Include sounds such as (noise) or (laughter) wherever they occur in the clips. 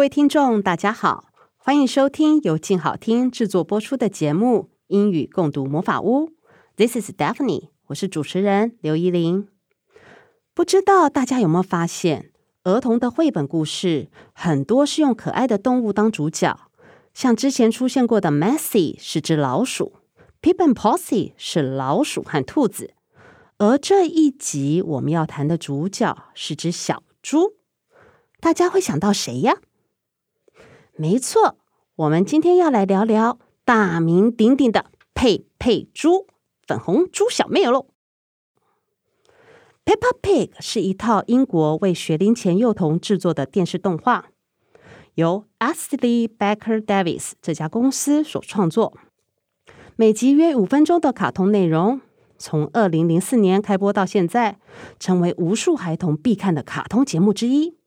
各位聽眾，大家好，歡迎收聽由靜好聽制作播出的節目《英語共讀魔法屋》。This is Daphne，我是主持人劉怡伶。不知道大家有沒有發現，兒童的繪本故事很多是用可愛的動物當主角，像之前出現過的 Messi 是隻老鼠，Pip and Posy 是老鼠和兔子，而這一集我們要談的主角是隻小豬，大家會想到誰呀？沒錯，我們今天要來聊聊大名鼎鼎的佩佩豬——粉紅豬小妹嘍。Peppa Pig 是一套英國為學齡前幼童製作的電視動畫，由 Astley Baker Davies 這家公司所創作。每集約五分鐘的卡通內容，從二零零四年開播到現在，成為無數孩童必看的卡通節目之一。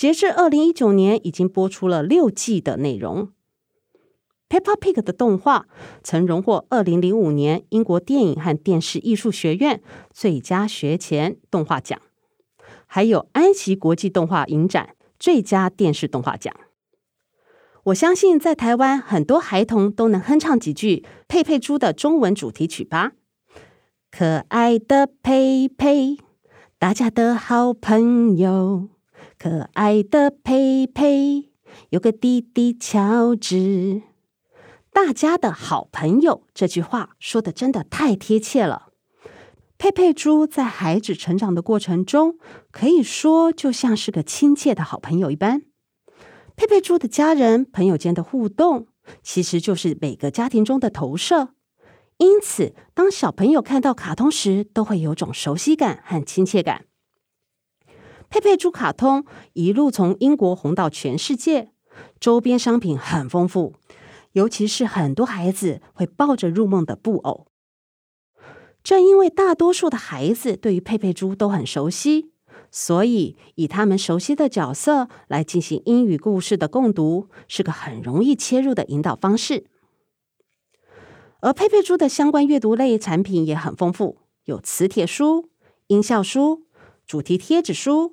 截至二零一九年，已經播出了六季的內容。Peppa Pig 的動畫曾榮獲二零零五年英國電影和電視藝術學院最佳學前動畫獎，還有安琪國際動畫影展最佳電視動畫獎。我相信，在台灣很多孩童都能哼唱幾句佩佩豬的中文主題曲吧？可愛的佩佩，大家的好朋友。可愛的佩佩有個弟弟喬治，大家的好朋友。這句話說的真的太貼切了。佩佩豬在孩子成長的過程中，可以說就像是個親切的好朋友一般。佩佩豬的家人、朋友間的互動，其實就是每個家庭中的投射。因此，當小朋友看到卡通時，都會有種熟悉感和親切感。佩佩豬卡通一路從英國紅到全世界，周邊商品很豐富，尤其是很多孩子會抱着入夢的布偶。正因為大多數的孩子對於佩佩豬都很熟悉，所以以他們熟悉的角色來進行英語故事的共讀，是個很容易切入的引導方式。而佩佩豬的相關閱讀類產品也很豐富，有磁鐵書、音效書、主題貼紙書。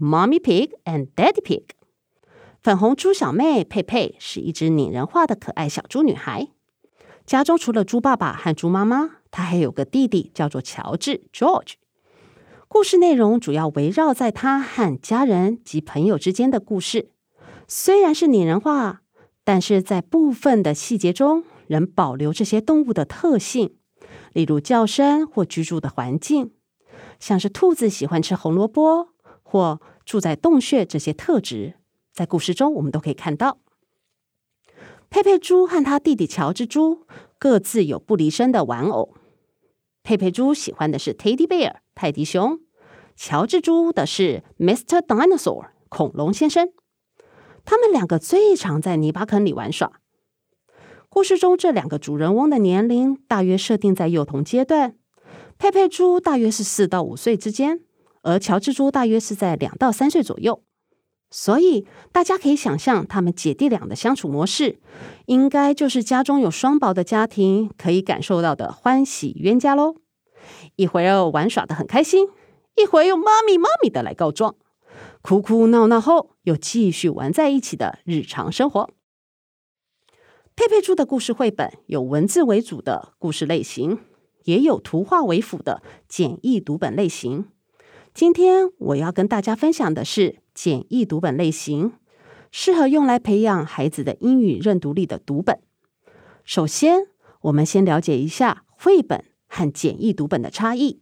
Mommy Pig and Daddy Pig，粉紅豬小妹佩佩是一隻擬人化的可愛小豬女孩。家中除了豬爸爸和豬媽媽，她還有個弟弟，叫做喬治 （George）。故事內容主要圍繞在她和家人及朋友之間的故事。雖然是擬人化，但是在部分的細節中仍保留這些動物的特性，例如叫聲或居住的環境，像是兔子喜歡吃紅蘿蔔。或住在洞穴這些特質，在故事中我們都可以看到。佩佩豬和他弟弟喬治豬各自有不離身的玩偶。佩佩豬喜歡的是 Teddy Bear 泰迪熊，喬治豬的是 Mr. Dinosaur 恐龍先生。他們兩個最常在泥巴坑裡玩耍。故事中這兩個主人翁的年齡大約設定在幼童階段，佩佩豬大約是四到五歲之間。而喬治豬大約是在兩到三歲左右，所以大家可以想象，他們姐弟倆的相處模式，應該就是家中有雙寶的家庭可以感受到的歡喜冤家嘍。一會兒玩耍得很開心，一會兒用“媽咪媽咪”的來告狀，哭哭鬧鬧後又繼續玩在一起的日常生活。佩佩豬的故事繪本有文字為主的故事類型，也有圖畫為輔的簡易讀本類型。今天我要跟大家分享的是簡易讀本類型，適合用來培養孩子的英語認讀力的讀本。首先，我們先了解一下繪本和簡易讀本的差異。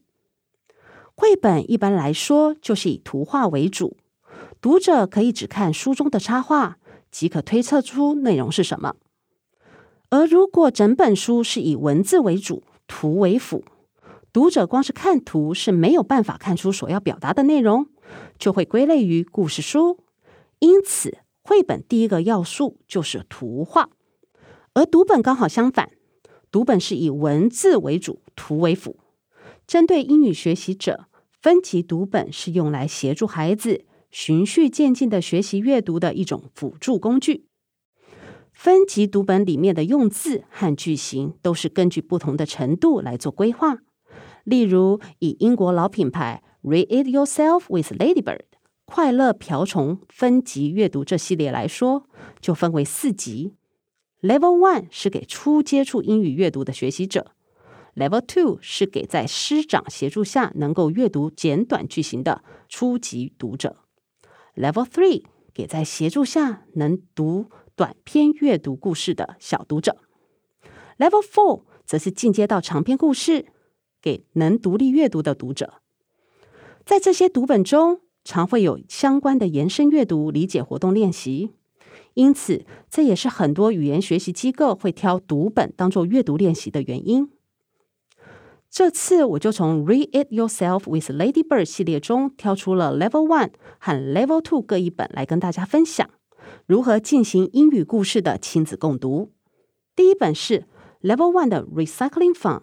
繪本一般來說就是以圖畫為主，讀者可以只看書中的插畫，即可推測出內容是什麼。而如果整本書是以文字為主，圖為輔。讀者光是看圖是沒有辦法看出所要表達的內容，就會歸類於故事書。因此，繪本第一個要素就是圖畫，而讀本剛好相反，讀本是以文字為主，圖為輔。針對英語學習者，分級讀本是用來協助孩子循序漸進的學習閱讀的一種輔助工具。分級讀本裡面的用字和句型都是根據不同的程度來做規劃。例如，以英國老品牌 Read It Yourself with Ladybird（ 快樂瓢蟲分級閱讀）這系列來說，就分為四級。Level One 是給初接觸英語閱讀的學習者；Level Two 是給在師長協助下能夠閱讀簡短句型的初級讀者；Level Three 給在協助下能讀短篇閱讀故事的小讀者；Level Four 則是進階到長篇故事。給能獨立閱讀的讀者，在這些讀本中常會有相關的延伸閱讀理解活動練習，因此這也是很多語言學習機構會挑讀本當做閱讀練習的原因。這次我就從《Read It Yourself with Ladybird》系列中挑出了 Level One 和 Level Two 各一本來跟大家分享如何進行英語故事的親子共讀。第一本是 Level One 的《Recycling Fun》。d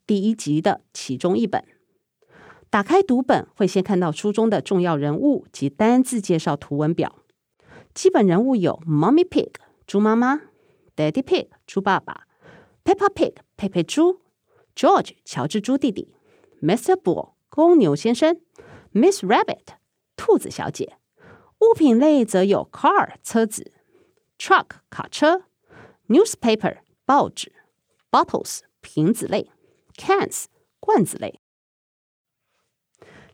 第一集的其中一本，打開讀本會先看到書中的重要人物及單字介紹圖文表。基本人物有 Mommy Pig 豬媽媽、Daddy Pig 豬爸爸、Peppa Pig 佩佩豬、George 喬治豬弟弟、Mr. Bull 公牛先生、Miss Rabbit 兔子小姐。物品類則有 Car 車子、Truck 卡車、Newspaper 報紙、Bottles 瓶子類。Cans，罐子類。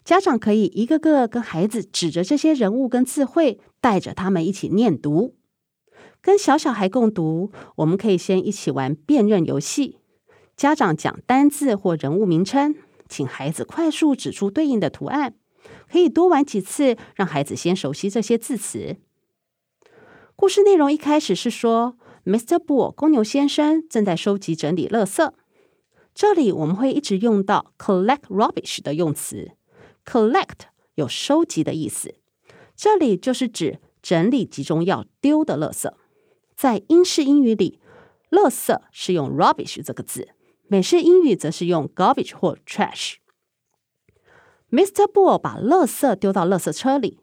家長可以一個個跟孩子指着這些人物跟字彙，帶着他們一起念讀，跟小小孩共讀。我們可以先一起玩辨認遊戲，家長講單字或人物名稱，請孩子快速指出對應的圖案。可以多玩幾次，讓孩子先熟悉這些字詞。故事內容一開始是說，Mr. Bull 公牛先生正在收集整理垃圾。這裡我們會一直用到 collect rubbish 的用詞，collect 有收集的意思，這裡就是指整理集中要丟的垃圾。在英式英語裡，垃圾是用 rubbish 這個字，美式英語則是用 garbage 或 trash。Mr. Bull 把垃圾丟到垃圾車裡，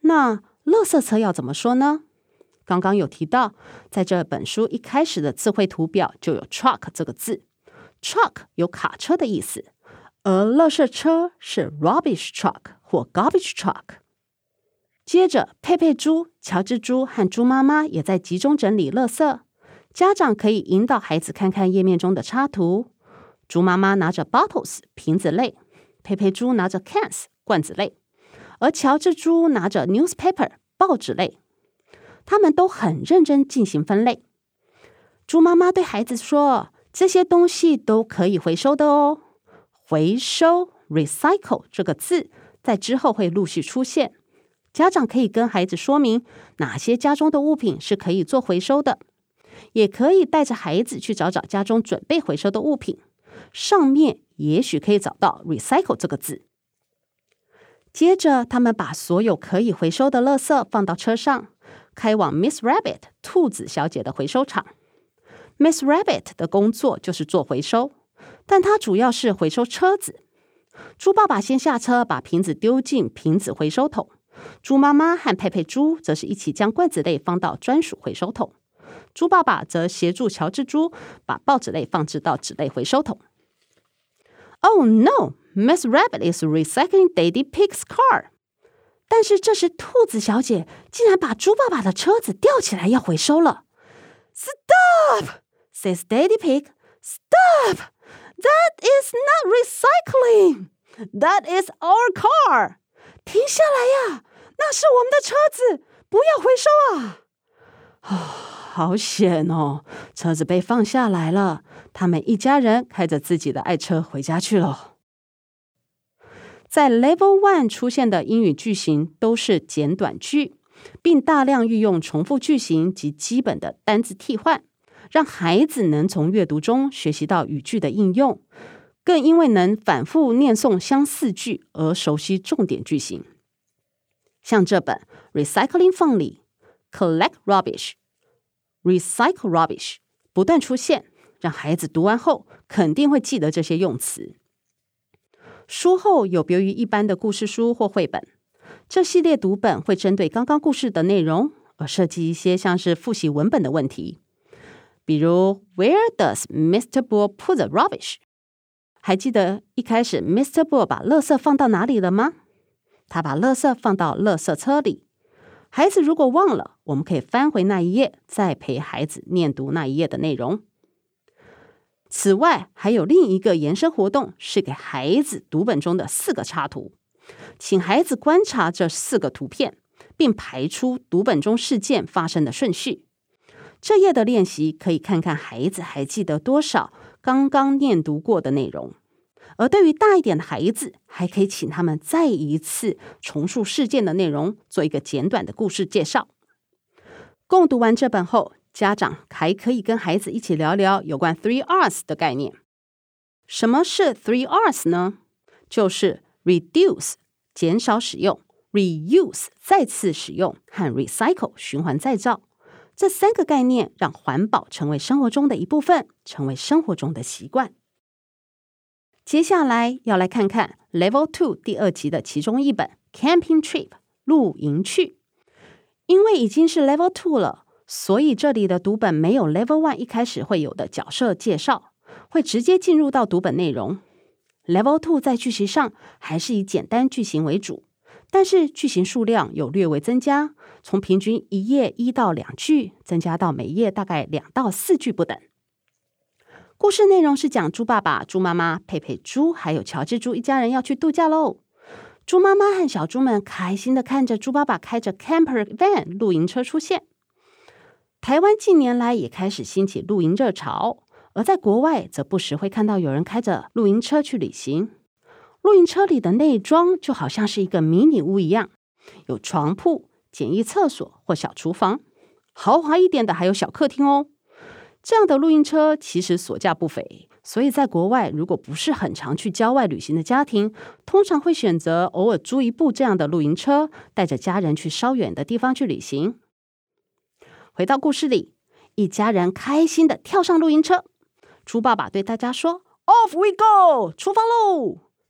那垃圾車要怎麼說呢？剛剛有提到，在這本書一開始的詞彙圖表就有 truck 這個字。Truck 有卡車的意思，而垃圾車是 Rubbish Truck 或 Garbage Truck。接着，佩佩豬、喬治豬和豬媽媽也在集中整理垃圾。家長可以引導孩子看看頁面中的插圖：豬媽媽拿着 Bottles 瓶子類，佩佩豬拿着 Cans 罐子類，而喬治豬拿着 Newspaper 報紙類。他們都很認真進行分類。豬媽媽對孩子說。這些東西都可以回收的哦。回收 （recycle） 這個字在之後會陸續出現。家長可以跟孩子說明哪些家中的物品是可以做回收的，也可以帶着孩子去找找家中準備回收的物品，上面也許可以找到 recycle 這個字。接着，他們把所有可以回收的垃圾放到車上，開往 Miss Rabbit 兔子小姐的回收場。Miss Rabbit 的工作就是做回收，但她主要是回收車子。豬爸爸先下車，把瓶子丟進瓶子回收桶。豬媽媽和佩佩豬則是一起將罐子類放到專屬回收桶。豬爸爸則協助喬治豬把報紙類放置到紙類回收桶。Oh no, Miss Rabbit is recycling Daddy Pig's car！但是這時，兔子小姐竟然把豬爸爸的車子吊起來要回收了。Stop！Says Daddy Pig, stop! That is not recycling. That is our car. 停下來呀，那是我們的車子，不要回收啊！哦，好險哦，車子被放下來了。他們一家人開着自己的愛車回家去了。在 Level One 出現的英語句型都是簡短句，並大量運用重複句型及基本的單字替換。讓孩子能從閱讀中學習到語句的應用，更因為能反覆念誦相似句而熟悉重點句型。像這本 “Recycling” 放裡，“Collect rubbish”，“Recycle rubbish” 不斷出現，讓孩子讀完後肯定會記得這些用詞。書後有別於一般的故事書或繪本，這系列讀本會針對剛剛故事的內容而設計一些像是複習文本的問題。比如，Where does Mr. Bull put the rubbish？還記得一開始 Mr. Bull 把垃圾放到哪裡了嗎？他把垃圾放到垃圾車裡。孩子如果忘了，我們可以翻回那一頁，再陪孩子念讀那一頁的內容。此外，還有另一個延伸活動，是給孩子讀本中的四個插圖，請孩子觀察這四個圖片，並排出讀本中事件發生的順序。這頁的練習可以看看孩子還記得多少剛剛念讀過的內容，而對於大一點的孩子，還可以請他們再一次重述事件的內容，做一個簡短的故事介紹。共讀完這本後，家長還可以跟孩子一起聊聊有關 Three R's 的概念。什麼是 Three R's 呢？就是 Reduce 減少使用，Reuse 再次使用，和 Recycle 循環再造。這三個概念讓環保成為生活中的一部分，成為生活中的習慣。接下來要來看看 Level Two 第二集的其中一本《Camping Trip》露營去。因為已經是 Level Two 了，所以這裡的讀本沒有 Level One 一開始會有的角色介紹，會直接進入到讀本內容。Level Two 在句型上還是以簡單句型為主。但是句型數量有略微增加，從平均一頁一到兩句，增加到每頁大概兩到四句不等。故事內容是講豬爸爸、豬媽媽、佩佩豬還有喬治豬一家人要去度假嘍。豬媽媽和小豬們開心的看着豬爸爸開着 camper van 露營車出現。台灣近年來也開始興起露營熱潮，而在國外則不時會看到有人開着露營車去旅行。露營車裡的內裝就好像是一個迷你屋一樣，有床鋪、簡易廁所或小廚房，豪華一點的還有小客廳哦。這樣的露營車其實索價不菲，所以在國外，如果不是很常去郊外旅行的家庭，通常會選擇偶爾租一部這樣的露營車，帶着家人去稍遠的地方去旅行。回到故事裡，一家人開心的跳上露營車，豬爸爸對大家說：“Off we go，出發嘍！”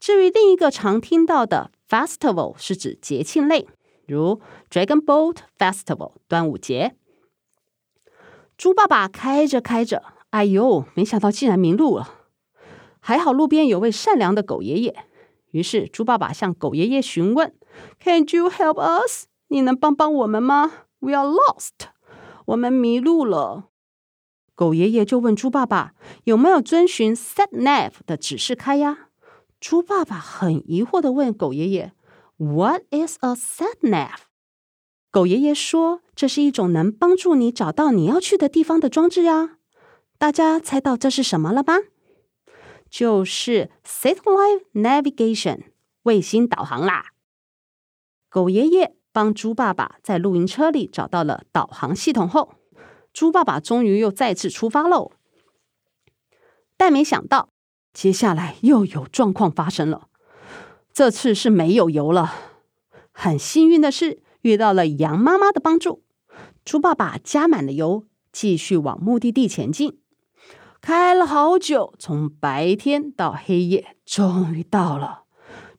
至於另一個常聽到的 festival 是指節慶類，如 Dragon Boat Festival（ 端午節）。豬爸爸開着開着，哎呦，沒想到竟然迷路了。還好路邊有位善良的狗爺爺，於是豬爸爸向狗爺爺詢問：“Can't you help us？你能幫幫我們嗎？We are lost。我們迷路了。”狗爺爺就問豬爸爸：“有沒有遵循 sat nav 的指示開呀？”豬爸爸很疑惑地問狗爺爺：“What is a satnav？” 狗爺爺說：“這是一種能幫助你找到你要去的地方的裝置呀。”大家猜到這是什麼了嗎？就是 satellite navigation 衛星導航啦！狗爺爺幫豬爸爸在露營車裡找到了導航系統後，豬爸爸終於又再次出發嘍。但沒想到。接下來又有狀況發生了，這次是沒有油了。很幸運的是遇到了羊媽媽的幫助，豬爸爸加滿了油，繼續往目的地前進。開了好久，從白天到黑夜，終於到了。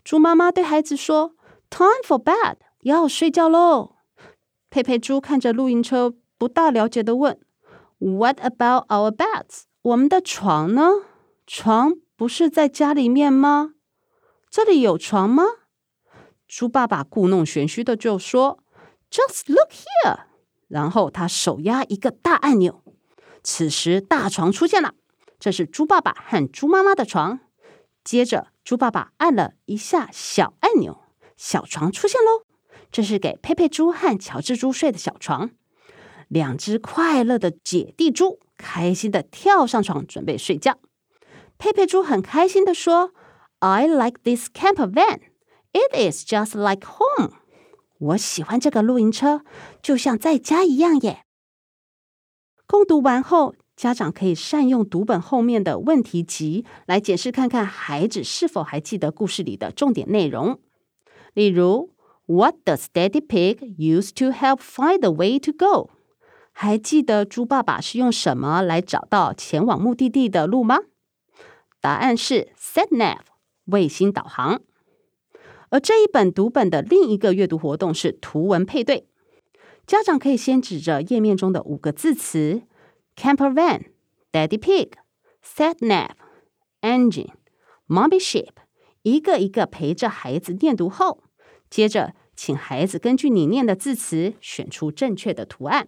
豬媽媽對孩子說：“Time for bed，要睡覺嘍。”佩佩豬看着露營車，不大了解地問：“What about our beds？我們的床呢？”床不是在家裡面嗎？這裡有床嗎？豬爸爸故弄玄虛的就說：“Just look here。”然後他手壓一個大按鈕，此時大床出現了，這是豬爸爸和豬媽媽的床。接着，豬爸爸按了一下小按鈕，小床出現嘍，這是給佩佩豬和喬治豬睡的小床。兩隻快樂的姐弟豬開心的跳上床，準備睡覺。佩佩豬很開心的說：“I like this camper van. It is just like home.” 我喜歡這個露營車，就像在家一樣耶。共讀完後，家長可以善用讀本後面的問題集來解釋看看孩子是否還記得故事裡的重點內容，例如 “What does Daddy Pig use to help find the way to go？” 還記得豬爸爸是用什麼來找到前往目的地的路嗎？答案是 Satnav 衛星導航。而這一本讀本的另一個閱讀活動是圖文配對。家長可以先指着頁面中的五個字詞：Camper van、Daddy Pig、Satnav、Engine、Mummy Ship 一個一個陪着孩子念讀後，接着請孩子根據你念的字詞選出正確的圖案。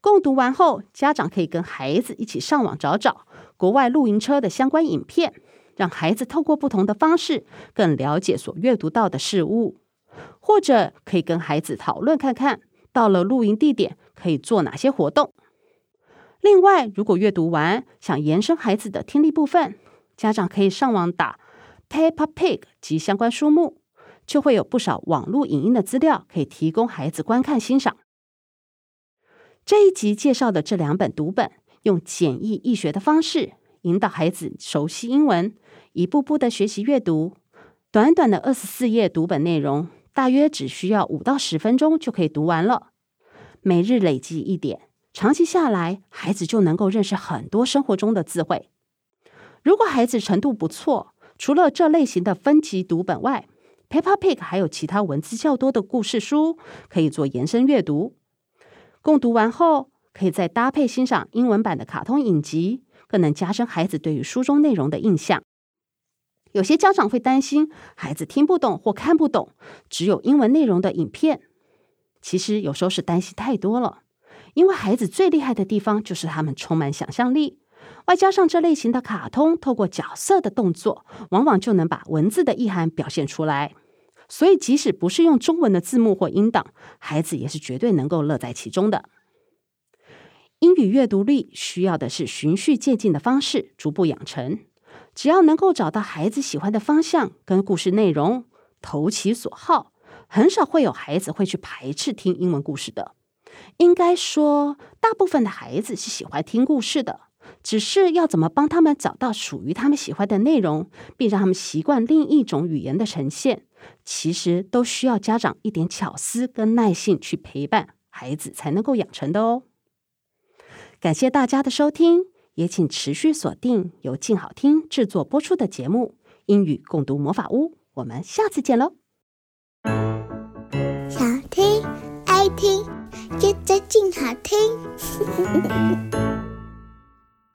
共讀完後，家長可以跟孩子一起上網找找。國外露營車的相關影片，讓孩子透過不同的方式更了解所閱讀到的事物，或者可以跟孩子討論看看，到了露營地點可以做哪些活動。另外，如果閱讀完想延伸孩子的聽力部分，家長可以上網打《Peppa Pig》及相關書目，就會有不少網絡影音的資料可以提供孩子觀看欣賞。這一集介紹的這兩本讀本。用簡易易學的方式引導孩子熟悉英文，一步步的學習閱讀。短短的二十四頁讀本內容，大約只需要五到十分鐘就可以讀完了。每日累積一點，長期下來，孩子就能夠認識很多生活中的字彙。如果孩子程度不錯，除了這類型的分級讀本外，Peppa Pig 還有其他文字較多的故事書可以做延伸閱讀。共讀完後，可以再搭配欣賞英文版的卡通影集，更能加深孩子對於書中內容的印象。有些家長會擔心孩子聽不懂或看不懂只有英文內容的影片，其實有時候是擔心太多了。因為孩子最厲害的地方就是他們充滿想象力外加上這類型的卡通，透過角色的動作，往往就能把文字的意涵表現出來。所以，即使不是用中文的字幕或音檔，孩子也是絕對能夠樂在其中的。英語閱讀力需要的是循序漸進的方式，逐步養成。只要能夠找到孩子喜歡的方向跟故事內容，投其所好，很少會有孩子會去排斥聽英文故事的。應該說，大部分的孩子是喜歡聽故事的，只是要怎麼幫他們找到屬於他們喜歡的內容，並讓他們習慣另一種語言的呈現，其實都需要家長一點巧思跟耐性去陪伴孩子才能夠養成的哦。感謝大家的收聽，也請持續鎖定由靜好聽制作播出的節目《英語共讀魔法屋》，我們下次見嘍！想聽愛聽，覺得靜好聽。 (laughs)